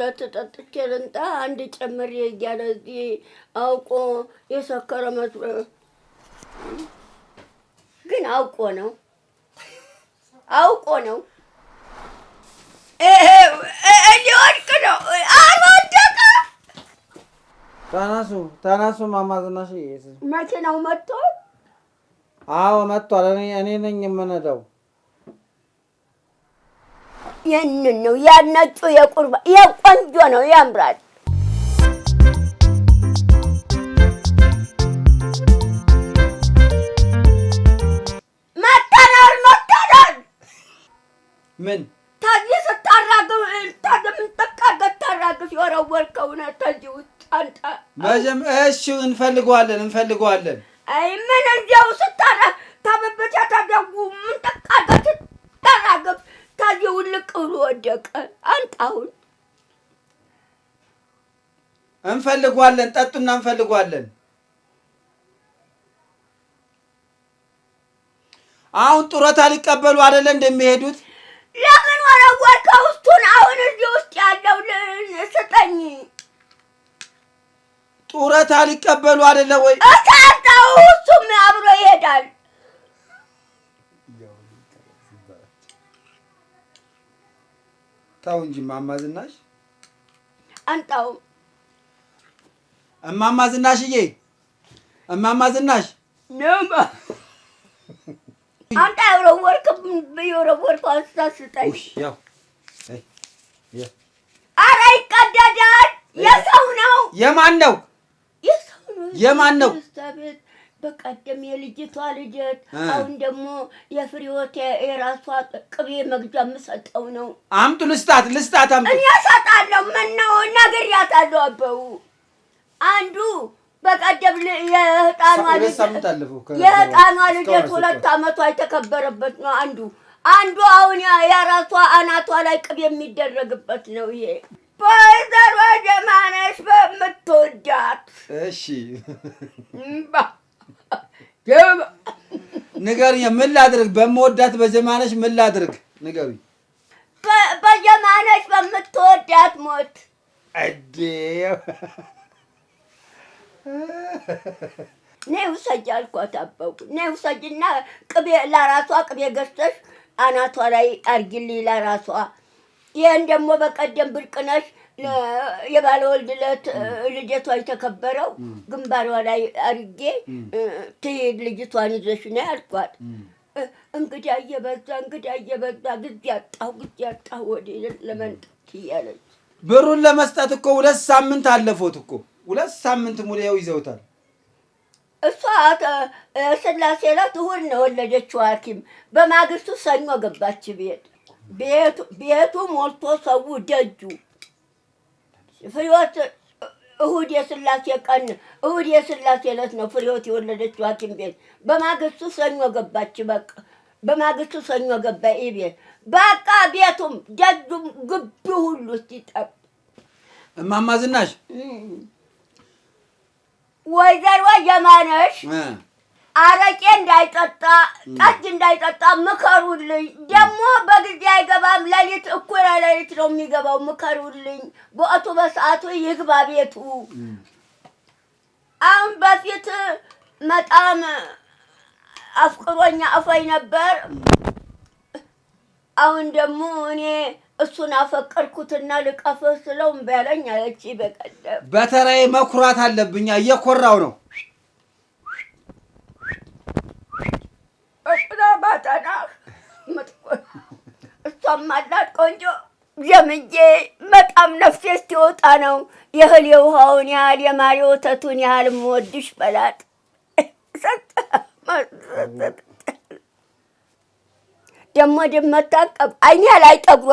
ሁለት ጠጥቼ ልምጣ አንድ ጨምር እያለ እዚህ አውቆ የሰከረ መስሎ ግን አውቆ ነው አውቆ ነው ሊወድቅ ነው። አልወደቀ። ተነሱ ተነሱ፣ ማማዝናሽ ዝናሽ መኪናው መጥቶ አዎ መጥቷል። እኔ ነኝ የምነዳው ይህንን ነው ያነጩ የቁርባ የቆንጆ ነው ያምራል። መተናል መተናል ምን ተዚህ ስታራግብ ምንጠቃገት ታራግፍ የወረወርከውን ተዚህ ውጭ አንተ መጀመ እሺ፣ እንፈልገዋለን እንፈልገዋለን። አይ ምን እንዲያው ስታራ ተብብቻ ተደጉ ምንጠቃገት ታየው ልቅ ብሎ ወደቀ። አንጣሁን እንፈልጓለን። ጠጡና እንፈልጓለን። አሁን ጡረታ ሊቀበሉ አይደለ እንደሚሄዱት። ለምን ወረወርከው? ውስጡን አሁን እዚህ ውስጥ ያለው ስጠኝ። ጡረታ ሊቀበሉ አይደለ ወይ? እሳጣው። እሱም አብሮ ይሄዳል ታው እንጂ እማማ ዝናሽ አንጣው። እማማ ዝናሽዬ፣ እማማ ዝናሽ ነማ አንተ የወረወርከውን የወረወርከውን አንስታ ስጠኝ። ያው ኧረ ይቀደዳል። የሰው ነው። የማን ነው? የሰው ነው። የማን ነው? በቀደም የልጅቷ ልጀት አሁን ደግሞ የፍሬወት የራሷ ቅቤ መግዣ የምሰጠው ነው። አምጡ ልስጣት ልስጣት አምጡ። እኔ እሰጣለሁ። ነገር ነግሬያታለሁ። አበቡ አንዱ በቀደም የህጣኗ የህጣኗ ልጀት ሁለት ዓመቷ የተከበረበት ነው አንዱ አንዱ አሁን የራሷ አናቷ ላይ ቅቤ የሚደረግበት ነው ይሄ በወይዘሮ ጀማነሽ በምትወዳት እሺ ባ ንገሩኝ፣ ምን ላድርግ? በምወዳት በጀማነሽ ምን ላድርግ? ንገሩኝ። በጀማነሽ በምትወዳት ሞት እዴ ነይ ውሰጅ አልኳት። አበቡ ነይ ውሰጅና ቅቤ ለራሷ ቅቤ ገዝተሽ አናቷ ላይ አድርጊልኝ ለራሷ። ይህን ደግሞ በቀደም ብርቅነሽ የባለወልድ ዕለት ልደቷ የተከበረው ግንባሯ ላይ አርጌ ትሄድ ልጅቷን ይዘሽ ነይ አልኳት። እንግዳ እየበዛ እንግዳ እየበዛ ጊዜ አጣሁ ጊዜ አጣሁ ወዴ ለመንጠት እያለች ብሩን ለመስጠት እኮ ሁለት ሳምንት አለፎት እኮ ሁለት ሳምንት ሙሉ ይኸው ይዘውታል። እሷ ስላሴ ዕለት እሑድ ነው የወለደችው ሐኪም በማግስቱ ሰኞ ገባች ቤት ቤቱ ሞልቶ ሰው ደጁ ፍሬዎት እሁድ የስላሴ ቀን እሁድ የስላሴ ዕለት ነው ፍሬዎት የወለደችው ሐኪም ቤት። በማግስቱ ሰኞ ገባች። በቃ በማግስቱ ሰኞ ገባ ቤት በቃ ቤቱም ደጁም ግቢ ሁሉ ሲጠብ እማማ ዝናሽ ወይዘሮ የማነሽ አረቄ እንዳይጠጣ ጠጅ እንዳይጠጣ ምከሩልኝ። ደግሞ በጊዜ አይገባም። ሌሊት እኩለ ሌሊት ነው የሚገባው። ምከሩልኝ። በወቅቱ በሰዓቱ ይግባ ቤቱ። አሁን በፊት በጣም አፍቅሮኛ አፋኝ ነበር። አሁን ደግሞ እኔ እሱን አፈቀርኩትና ስለው እምቢ አለኝ አለች። በቀደም በተለይ መኩራት አለብኛ እየኮራው ነው አጠናህ እሷም አላት ቆንጆ በጣም ነፍሴ ስትወጣ ነው የእህል የውሃውን ያህል የማሪ ወተቱን ያህል የምወድሽ በላት። ደግሞ ድመት ላይ ደግሞ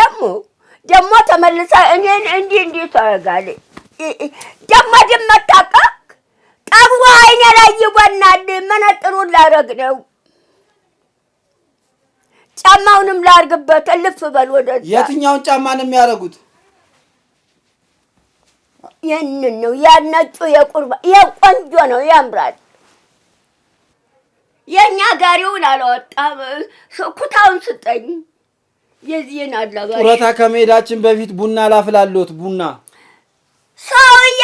ደግሞ ደግሞ ተመልሳ እኔን እንዲህ እንዲህ ታደርጋለች። ደግሞ ጠግቦ አይኔ ላይ ይጎናል። መነጥሩን ላረግ ነው። ጫማውንም ላርግበት። እልፍ በል ወደ የትኛውን ጫማ ነው የሚያደርጉት? ይህንን ነው ያነጩ የቁርባ የቆንጆ ነው ያምራል። የእኛ ጋሪውን አላወጣም። ኩታውን ስጠኝ። የዚህን አላባ ጡረታ ከመሄዳችን በፊት ቡና ላፍላለት ቡና ሰውዬ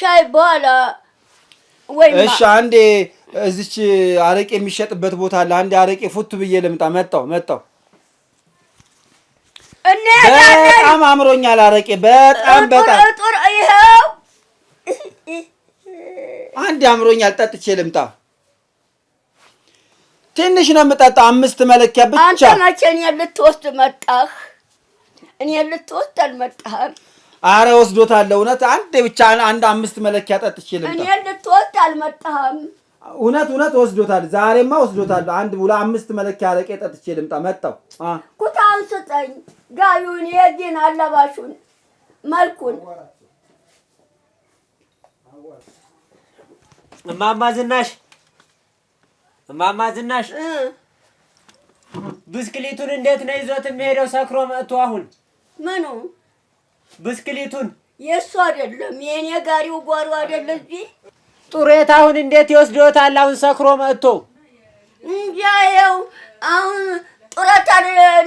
ሻይ በኋላ ወይ እሺ፣ አንዴ እዚች አረቄ የሚሸጥበት ቦታ አለ። አንዴ አረቄ ፉት ብዬ ልምጣ። መጣው መጣው። በጣም አምሮኛል አረቄ። በጣም በጣም ይኸው፣ አንዴ አምሮኛል። ጠጥቼ ልምጣ። ትንሽ ነው የምጠጣው፣ አምስት መለኪያ ብቻ። አንተ መቼ እኔ ልትወስድ መጣህ? እኔ ልትወስድ አልመጣህም። አረ ወስዶታል። እውነት አንድ ብቻ አንድ አምስት መለኪያ ጠጥቼ ልምጣ። እኔ ልትወስድ አልመጣህም። እውነት እውነት ወስዶታል። ዛሬማ ወስዶታል። አንድ ሁለት አምስት መለኪያ አረቄ ጠጥቼ ልምጣ። መጣው ኩታን ስጠኝ፣ ጋዩን፣ የዚህን አለባሹን፣ መልኩን። እማማ ዝናሽ እማማ ዝናሽ ብስክሊቱን እንዴት ነው ይዞት የሚሄደው? ሰክሮ መጥቶ አሁን ምኑ ብስክሌቱን የእሱ አይደለም የእኔ ጋሪው ጓሮ አይደለ እዚህ ጡሬት አሁን እንዴት ይወስዶታል? አሁን ሰክሮ መጥቶ እንጃ። ይኸው አሁን ጡረታ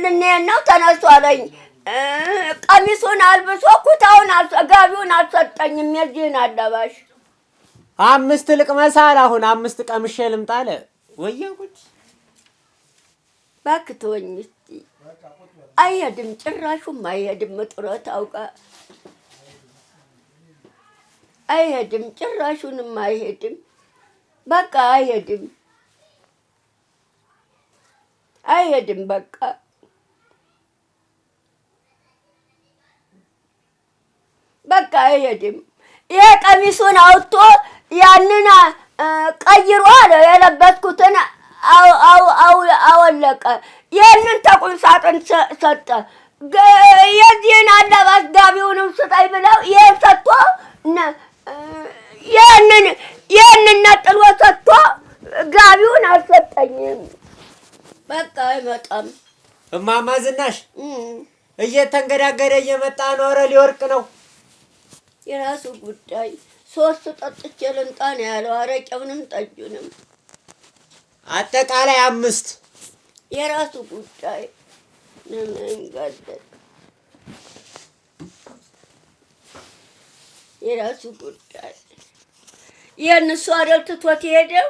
ልንሄድ ነው ተነሱ አለኝ። ቀሚሱን አልብሶ ኩታውን ጋቢውን አልሰጠኝም። የዚህን አለባሽ አምስት ልቅመሳ አለ። አሁን አምስት ቀምሼ ልምጣ አለ። ወየጉድ ባክትወኝ እስኪ አይሄድም፣ ጭራሹም አይሄድም። እጥረት አውቃ አይሄድም፣ ጭራሹንም አይሄድም። በቃ አይሄድም፣ አይሄድም። በቃ በቃ አይሄድም። ይሄ ቀሚሱን አውጥቶ ያንን ቀይሮ ነው የለበስኩትን አወለቀ። ይህንን ተቁም ሳጥን ሰጠ። የዚህን አላባስ ጋቢውንም ስጠኝ ብለው ይህን ሰጥቶ ይህንን ይህንን ነጥሎ ሰጥቶ ጋቢውን አልሰጠኝም። በቃ አይመጣም። እማማ ዝናሽ እየተንገዳገደ እየመጣ ኖረ ሊወርቅ ነው። የራሱ ጉዳይ። ሶስት ጠጥቼ ልምጣ ነው ያለው፣ አረቄውንም ጠጁንም አጠቃላይ አምስት የራሱ ጉዳይ ለመንጋደል የራሱ ጉዳይ። ይህን እሱ አይደል ትቶት የሄደው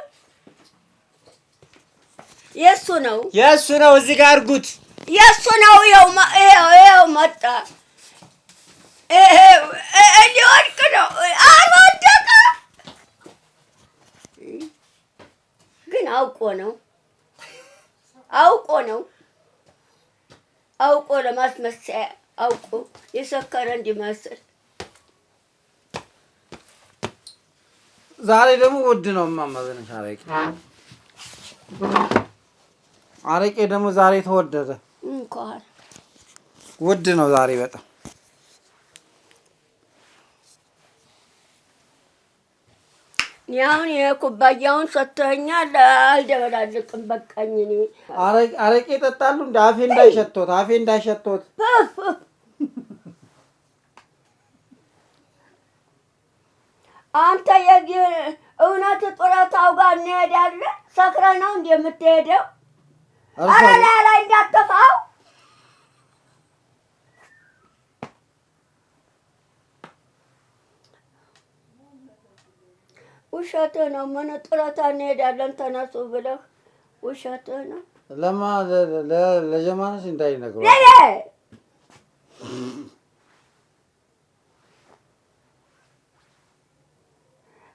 የእሱ ነው የእሱ ነው። እዚህ ጋር እርጉት የእሱ ነው። ይኸው መጣ። ሊወድቅ ነው አልወደቀ፣ ግን አውቆ ነው አውቆ ነው አውቆ ለማስመሰያ አውቆ የሰከረ እንዲመስል። ዛሬ ደግሞ ውድ ነው እማማ አረቄ አረቄ ደግሞ ዛሬ ተወደደ። ውድ ነው ዛሬ በጣም ያሁን የኩባያውን ሰጥተኸኛል፣ አልደበላልቅም። በቃኝ። እኔ አረቄ ይጠጣሉ እንደ አፌ እንዳይሸቶት አፌ እንዳይሸቶት አንተ የጊ እውነት ጡረታው ጋር እንሄዳለን። ሰክረ ነው እንደምትሄደው? አረላ ላይ ላይ ውሸት ነው። ምን ጡረታ እንሄዳለን ተነሱ ብለህ ውሸት ነው። ለማ ለጀማነች እንዳይነግሩ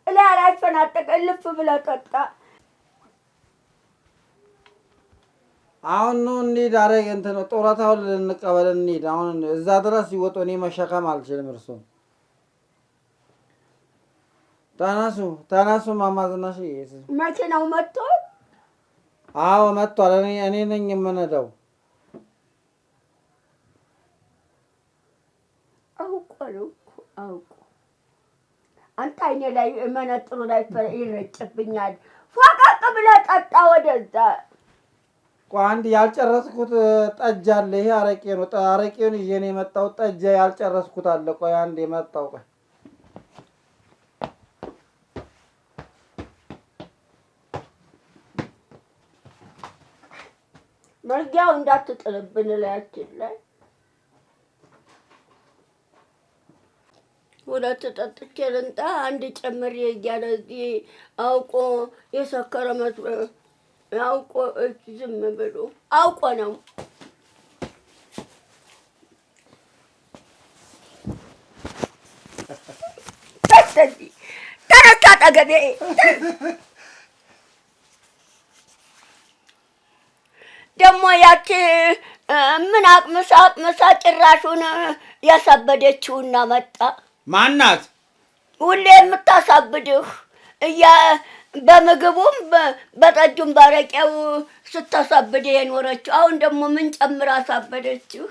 እላ አላፈናጠቀ ልፍ ብለህ ጠጣ። አሁን ነው እንሂድ። አረ እንትን ጡረታውን ልንቀበል እንሂድ። አሁን እዛ ድረስ ሲወጡ እኔ መሸከም አልችልም እርሱም ተነሱ ተነሱ፣ ማማ ዝናሽ መቼ ነው መጥቶ? አዎ መጥቷል። እኔ ነኝ የምነዳው። አንተ አይኔ ላይ መነጥሩ ላይ ይረጭብኛል። ብለህ ጠጣ። ወደዛ አንድ ያልጨረስኩት ጠጅ አለ። ይሄ አረቄ ነው። አረቄውን ይዤ ነው የመጣው። ጠጅ ያልጨረስኩት አለ። ቆይ አንድ የመጣው ቆይ መርጊያው እንዳትጥልብን ላያችን ላይ ሁለት ጠጥቼ ልንጣ አንድ ጨምሬ እያለ አውቆ የሰከረ መስሎ አውቆ ዝም ብሎ አውቆ ነው። ተነሳ አጠገቤ ደግሞ ያቺ ምን አቅምሳ አቅምሳ ጭራሹን ያሳበደችውና መጣ። ማናት? ሁሌ የምታሳብድህ እያ በምግቡም በጠጁም ባረቂያው ስታሳብድ የኖረችው አሁን ደግሞ ምን ጨምር አሳበደችህ?